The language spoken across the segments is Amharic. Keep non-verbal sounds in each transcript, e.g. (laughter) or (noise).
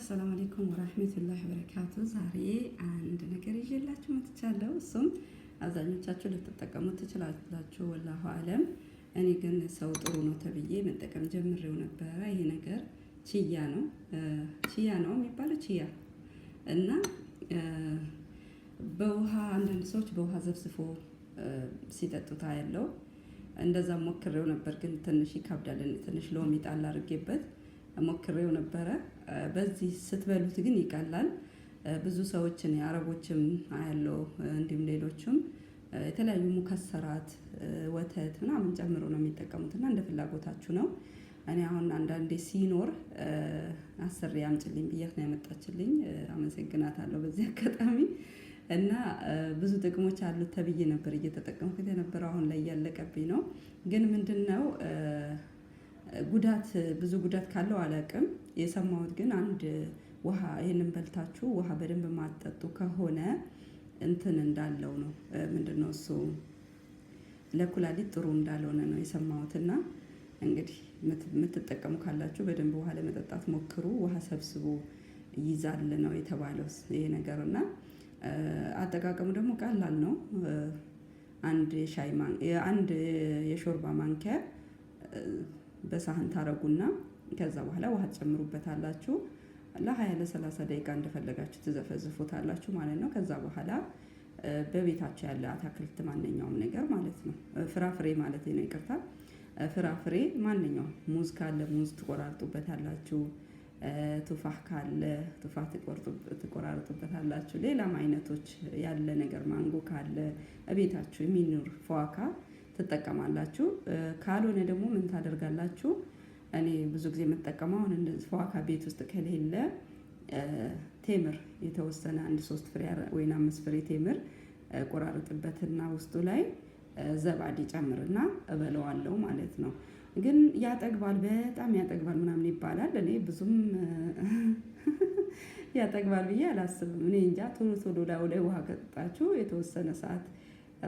አሰላሙ አሌይኩም ወራህመቱላሂ ወበረካቱ። ዛሬ አንድ ነገር ይዤላችሁ መጥቻለሁ። እሱም አብዛኞቻችሁ ልትጠቀሙት ትችላላችሁ፣ ወላሁ አለም። እኔ ግን ሰው ጥሩ ነው ተብዬ መጠቀም ጀምሬው ነበረ። ይሄ ነገር ቺያ ነው፣ ቺያ ነው የሚባለው ቺያ እና በውሃ አንዳንድ ሰዎች በውሃ ዘብዝፎ ሲጠጡታ ያለው እንደዛ ሞክሬው ነበር፣ ግን ትንሽ ይከብዳል። ትንሽ ሎሚ ጣል አድርጌበት ሞክሬው ነበረ። በዚህ ስትበሉት ግን ይቀላል። ብዙ ሰዎችን የአረቦችም አያለው እንዲሁም ሌሎችም የተለያዩ ሙከሰራት፣ ወተት ምናምን ጨምሮ ነው የሚጠቀሙት እና እንደ ፍላጎታችሁ ነው። እኔ አሁን አንዳንዴ ሲኖር አስሬ አምጭልኝ ብያት ነው ያመጣችልኝ። አመሰግናታለሁ በዚህ አጋጣሚ እና ብዙ ጥቅሞች አሉት ተብዬ ነበር እየተጠቀምኩት የነበረው አሁን ላይ እያለቀብኝ ነው። ግን ምንድን ነው ጉዳት ብዙ ጉዳት ካለው አላውቅም። የሰማሁት ግን አንድ ውሃ ይህንን በልታችሁ ውሃ በደንብ ማጠጡ ከሆነ እንትን እንዳለው ነው ምንድን ነው እሱ ለኩላሊት ጥሩ እንዳልሆነ ነው ና እንግዲህ የምትጠቀሙ ካላችሁ በደንብ ውሃ ለመጠጣት ሞክሩ። ውሃ ሰብስቦ ይዛል ነው የተባለው ይሄ ነገር እና አጠቃቀሙ ደግሞ ቀላል ነው። አንድ የሻይ አንድ የሾርባ ማንኪያ በሳህን ታረጉና ከዛ በኋላ ውሃ ትጨምሩበታላችሁ። ለ20 ለ30 ደቂቃ እንደፈለጋችሁ ትዘፈዝፉታላችሁ ማለት ነው። ከዛ በኋላ በቤታቸው ያለ አታክልት ማንኛውም ነገር ማለት ነው፣ ፍራፍሬ ማለት ነው፣ ይቅርታ ፍራፍሬ ማንኛውም ሙዝ ካለ ሙዝ ትቆራርጡበታላችሁ። ቱፋህ ካለ ቱፋህ ትቆራርጡበታላችሁ። ሌላም አይነቶች ያለ ነገር ማንጎ ካለ ቤታችሁ የሚኖር ፏካ ትጠቀማላችሁ። ካልሆነ ደግሞ ምን ታደርጋላችሁ? እኔ ብዙ ጊዜ የምጠቀመው አሁን ፏካ ቤት ውስጥ ከሌለ ቴምር የተወሰነ አንድ ሶስት ፍሬ ወይም አምስት ፍሬ ቴምር ቆራርጥበትና ውስጡ ላይ ዘባድ ይጨምርና እበለዋለሁ ማለት ነው። ግን ያጠግባል፣ በጣም ያጠግባል ምናምን ይባላል። እኔ ብዙም ያጠግባል ብዬ አላስብም። እኔ እንጃ ቶሎ ቶሎ ላይ ውሃ ከጠጣችሁ የተወሰነ ሰዓት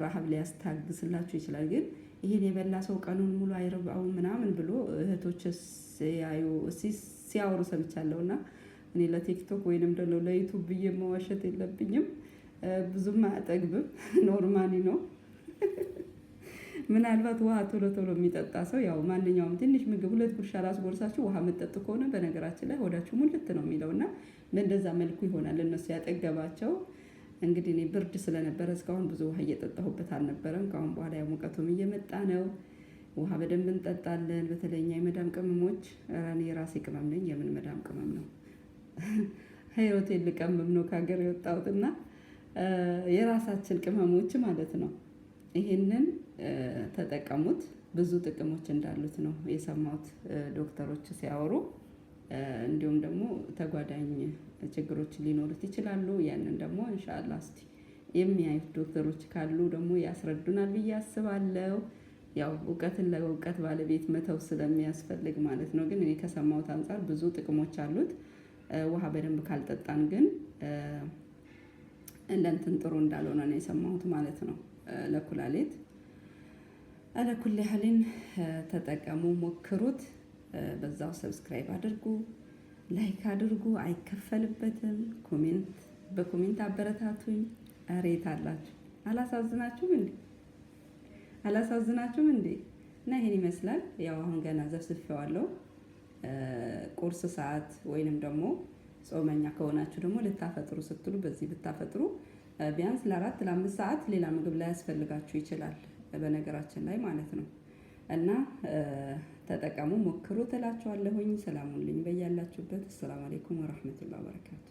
ረሀብ ሊያስታግስላችሁ ይችላል። ግን ይሄን የበላ ሰው ቀኑን ሙሉ አይረባው ምናምን ብሎ እህቶች ሲያዩ ሲያወሩ ሰምቻለሁ። እና እኔ ለቲክቶክ ወይንም ደግሞ ለዩቱብ ብዬ መዋሸት የለብኝም ብዙም አያጠግብም፣ (laughs) ኖርማሊ ነው። ምናልባት ውሃ ቶሎ ቶሎ የሚጠጣ ሰው ያው ማንኛውም ትንሽ ምግብ ሁለት ጉርሻ ራስ ጎርሳችሁ ውሃ መጠጥ ከሆነ በነገራችን ላይ ሆዳችሁ ሙልት ነው የሚለው እና በእንደዛ መልኩ ይሆናል እነሱ ያጠገባቸው እንግዲህ እኔ ብርድ ስለነበረ እስካሁን ብዙ ውሃ እየጠጣሁበት አልነበረም። ከአሁን በኋላ ያው ሙቀቱም እየመጣ ነው። ውሃ በደንብ እንጠጣለን። በተለይ የመዳም ቅመሞች፣ እኔ የራሴ ቅመም ነኝ። የምን መዳም ቅመም ነው? ህይወቴ (laughs) ልቀምም ነው ከሀገር የወጣሁትና የራሳችን ቅመሞች ማለት ነው። ይሄንን ተጠቀሙት። ብዙ ጥቅሞች እንዳሉት ነው የሰማሁት ዶክተሮች ሲያወሩ። እንዲሁም ደግሞ ተጓዳኝ ችግሮች ሊኖሩት ይችላሉ። ያንን ደግሞ እንሻላ እስቲ የሚያዩት ዶክተሮች ካሉ ደግሞ ያስረዱናል ብዬ አስባለሁ። ያው እውቀትን ለእውቀት ባለቤት መተው ስለሚያስፈልግ ማለት ነው። ግን እኔ ከሰማሁት አንጻር ብዙ ጥቅሞች አሉት። ውሃ በደንብ ካልጠጣን ግን እንደንትን ጥሩ እንዳልሆነ ነው የሰማሁት ማለት ነው ለኩላሊት አለኩል ያህልን ተጠቀሙ፣ ሞክሩት። በዛው ሰብስክራይብ አድርጉ፣ ላይክ አድርጉ። አይከፈልበትም። ኮሜንት በኮሜንት አበረታቱኝ። እሬት አላችሁ። አላሳዝናችሁም እንዴ? አላሳዝናችሁም እንዴ? እና ይሄን ይመስላል። ያው አሁን ገና ዘፍስፌዋለሁ። ቁርስ ሰዓት ወይንም ደግሞ ጾመኛ ከሆናችሁ ደግሞ ልታፈጥሩ ስትሉ በዚህ ብታፈጥሩ ቢያንስ ለአራት ለአምስት ሰዓት ሌላ ምግብ ላይ ያስፈልጋችሁ ይችላል። በነገራችን ላይ ማለት ነው። እና ተጠቀሙ፣ ሞክሩ ትላችኋለሁኝ። ሰላሙን ልኝ በያላችሁበት። አሰላሙ አሌይኩም ወረህመቱላህ በረካቱ